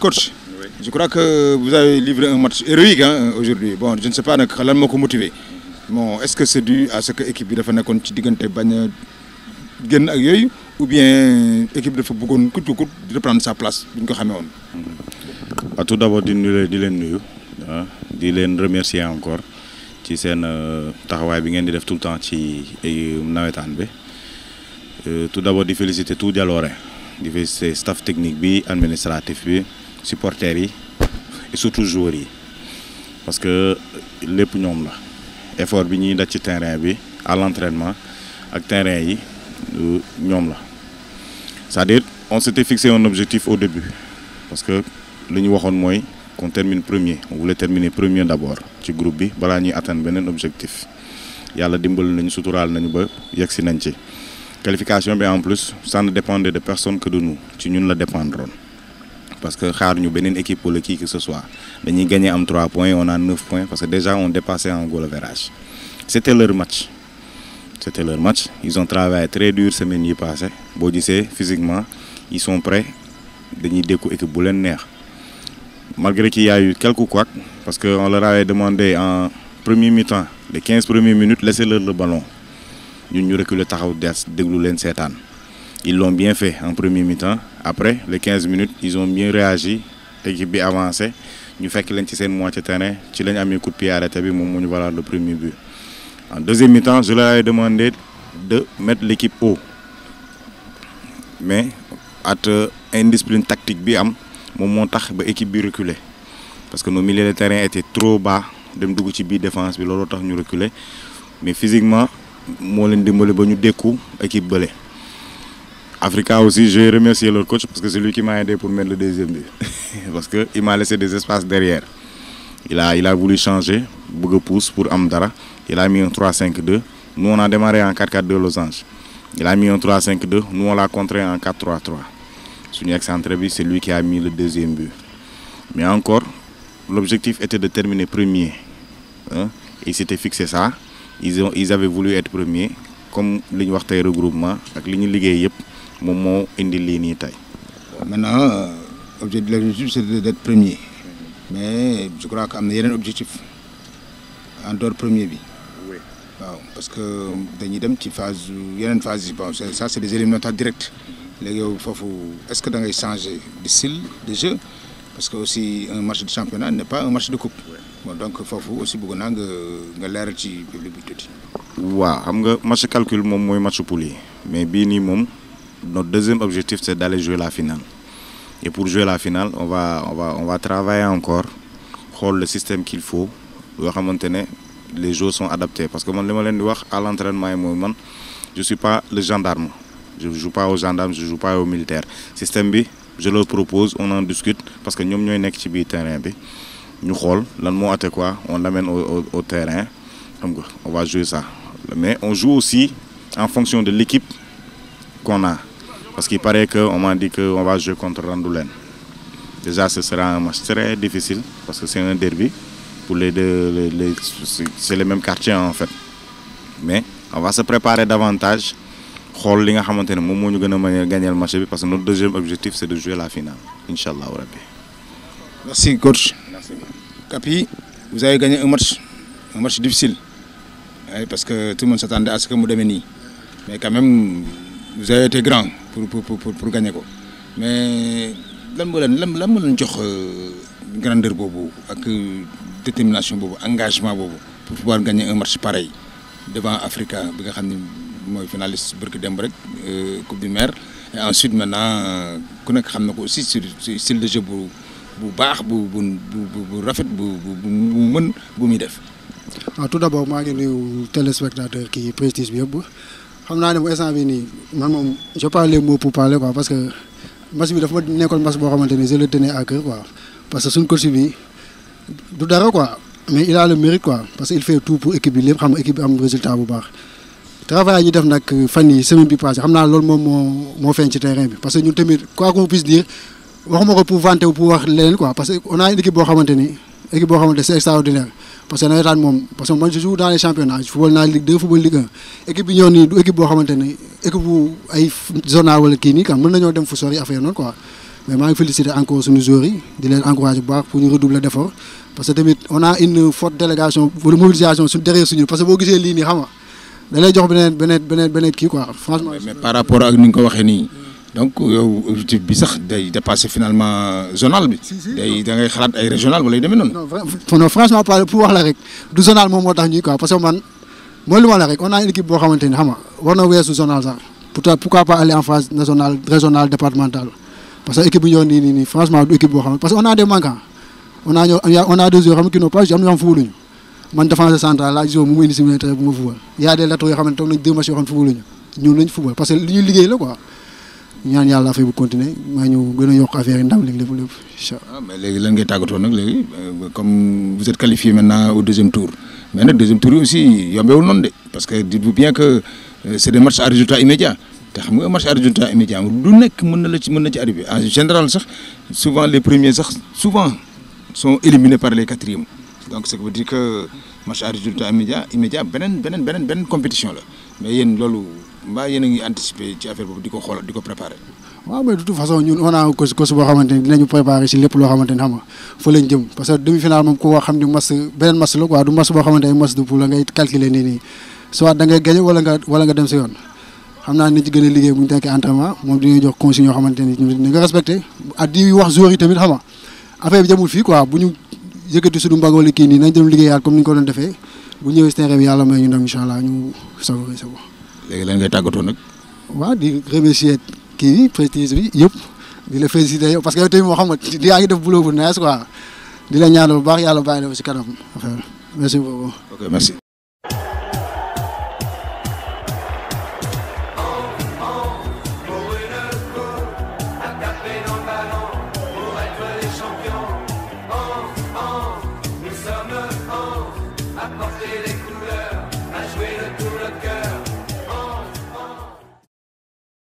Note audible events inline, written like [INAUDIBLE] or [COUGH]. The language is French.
Coach, je crois que vous avez livré un match héroïque hein, aujourd'hui. Bon, je ne sais pas si lan suis motivé. Bon, est-ce que c'est dû à ce que l'équipe de dafa ci ou bien équipe de Foucault a sa place ah, tout d'abord je voudrais ah, remercier encore Je seen que euh, bi tout le temps ci nawetaan euh, tout d'abord di féliciter tout Jalooré staff technique bi administratif supporters et surtout joueurs parce que les ñoom la effort bi ñuy daj ci terrain bi à l'entraînement ak terrain yi ñoom la c'est-à-dire on s'était fixé un objectif au début parce que nous voulons waxoon qu'on termine premier on voulait terminer premier d'abord ci groupe bi balaa ñuy atteindre un objectif Il dimbal a des nañu ba yegg si nañ ci qualification en plus ça ne dépendait de personne que de nous ci ñun la pas parce que nous ñu une équipe pour qui que ce soit avons gagné 3 points on a 9 points parce que déjà on dépassait en goal average c'était leur match c'était leur match ils ont travaillé très dur semaine derniers passée boo physiquement ils sont prêts Ils ont équipe bu malgré qu'il y a eu quelques couacs parce qu'on leur avait demandé en premier mi-temps les 15 premières minutes laissez-leur le ballon Nous ñu reculer taxaw des de de ils l'ont bien fait en premier mi-temps. Après, les 15 minutes, ils ont bien réagi. L'équipe a avancé. Nous fait qu'ils ont moitié terrain. Ils ont mis un coup de pied arrêté. Nous voilà le premier but. En deuxième mi-temps, je leur ai demandé de mettre l'équipe haut. Mais, avec euh, indiscipline tactique, mon tax l'équipe reculée. Parce que nos milieux de terrain étaient trop bas. Nous avons bi défense, nous reculé. Mais physiquement, nous avons découvert l'équipe belle. Africa aussi, je remercie leur coach parce que c'est lui qui m'a aidé pour mettre le deuxième but. [LAUGHS] parce qu'il m'a laissé des espaces derrière. Il a, il a voulu changer, pousse pour Amdara. Il a mis un 3-5-2. Nous, on a démarré en 4-4-2 Los Angeles. Il a mis un 3-5-2. Nous, on l'a contré en 4-3-3. Son excentré entrevue, c'est lui qui a mis le deuxième but. Mais encore, l'objectif était de terminer premier. Hein? Ils s'étaient fixé ça. Ils, ont, ils avaient voulu être premiers. Comme l'Union regroupement, avec l'Union Ligue maintenant euh, de l'objectif c'est d'être premier mais je crois qu'il y a un objectif en dehors premier vie. Oui. parce que y dem ci phase une phase ça c'est des éliminatoires directs est-ce que da ngay changer de style de jeu parce que aussi un match de championnat n'est pas un match de coupe bon donc faut aussi que vous nga nga ci public Oui, tuuti. nga match pour lui. match mais notre deuxième objectif, c'est d'aller jouer la finale. Et pour jouer la finale, on va, on va, on va travailler encore, le système qu'il faut. Les joueurs sont adaptés. Parce que moi, à l'entraînement, je ne suis pas le gendarme. Je ne joue pas aux gendarmes, je ne joue pas aux militaires. Le système B, je le propose, on en discute, parce que nous sommes sur le terrain. Nous à quoi, on l'amène au, terrain. on va jouer ça. Mais on joue aussi en fonction de l'équipe qu'on a. Parce qu'il paraît qu'on m'a dit qu'on va jouer contre Randoulen. Déjà, ce sera un match très difficile parce que c'est un derby. Pour les deux, c'est le même quartier en fait. Mais on va se préparer davantage. Holding li nga le nous match parce que notre deuxième objectif c'est de jouer la finale Inch'Allah, au merci coach. merci Capi, vous avez gagné un match un match difficile. Eh parce que tout le monde s'attendait à ce que vous mais quand même. vous avez été grand pour pour pour pour gagner ko mais lan moo leen lan lan moo leen jox euh, grandeur boobu ak euh, détermination boobu engagement boobu pour pouvoir gagner un match pareil devant Africa bi nga xam ni mooy finaliste bërki demb rek euh, coupe du maire et ensuite maintenant ku nekk xam na ko aussi sur style de jeu bu bu baax bu bu bu bu rafet bu bu bu mën bu muy def. waaw ah, tout d'abord maa ngi nuyu téléspectateur kii prestige bi yëpp. xam naa ne bu instant bi nii man moom je parle les mots pour parler quoi parce que match bi dafa ma nekkoon match boo xamante ni je le tenais à cœur quoi parce que suñ coach bi du dara quoi mais il a le mérite quoi parce qu'il fait tout pour équipe bi lépp xam nga équipe bi am résultat bu baax travail ñu def nag fan yi semaine bi passée xam naa loolu moom moo moo feeñ ci terrain bi parce que ñun tamit quoi qu'on puisse dire waxuma ko pour vanter pour wax leneen quoi parce que on a une équipe boo xamante équipe boo xamante c'est extraordinaire parce que nawetaan moom parce que moi je joue dans les championnats football naa Ligue 2 football Ligue 1 équipe bi ni du équipe bo xamanteni équipe bu ay zone wala kii nii quoi mën nañoo dem fu sori affaire non quoi mais maa ngi féliciter encore suñu joueurs yi di leen encourager bu baax pour ñu redoubler d'effort parce que tamit on a une forte délégation wala mobilisation suñu derrière suñu parce que bo gisee li ni xam nga da lay jox benen benen benen benen ki quoi franchement. mais par rapport ak ni nga ko waxee donc euh, yow objectif bi sax day dépasser finalement euh, zonal bi. day da ngay xalaat ay régional wala yu non non franchement parler pour wax la rek du zonal moom moo tax ñuy quoi parce que man moy luma la rek on a une équipe bo xamanteni xama warna nga zonal sax pourtant pourquoi pas aller en phase nationale régional départemental parce que équipe bi ni nii franchement du équipe bo xam parce que on a des manquants on a ñoo on a deux joueurs xam ki n'ont pas joué am na yoo man défense centrale la gisoo mu indi si bu ma fubal y a des latéraux yoo xam ne nañ deux matchs yo xam ne ñu ñun lañ fubal parce que li ñuy liggéey la quoi ñaan yàlla affaire bu continuer ma ñu gëna a affaire yi ndam léegi lépp ah, mais léegi lan ngay tagato nak léegi euh, comme vous êtes qualifié maintenant au deuxième tour mais nag deuxième tour yi aussi yombewul non de parce que dites-vous bien que euh, c'est des matchs à résultat immédiat tax xam match à résultat immédiat du nek mën na la ci mën na ci arrivé en général sax souvent les premiers sax souvent sont éliminés par les quatrièmes donc c'est que veut dire que match à résultat immédiat immédiat benen benen benen beneen compétition la mais yeen lolu. mbaa yéen a ngi anticiper ci affaire boobu di ko xool di ko préparer. waaw mais de toute façon ñun on a coach coach boo xamante ni dinañu préparer si lépp loo xamante ni xamante nii nii soit da nga dem si yoon xam naa ni gën a liggéey bu ñu tekkee entraînement moom dinañ jox consigne xamante ni ñun dinañ ko di wax joueurs yi tamit xam affaire bi jëmul fii quoi bu ñu yëkkati suñu mbagg kii nii nañ dem liggéeyaat comme ni ñu ko doon defee bu ñëwee si terrain léegi lan ngay tàggatoo nag. waaw di remercier kii bi bi yëpp di la féliciter parce que yow tamit moo xam nga yaa ngi def boulot bu neex quoi di la ñaanal bu baax yàlla baax la ba si kanam affaire merci beaucoup. ok merci.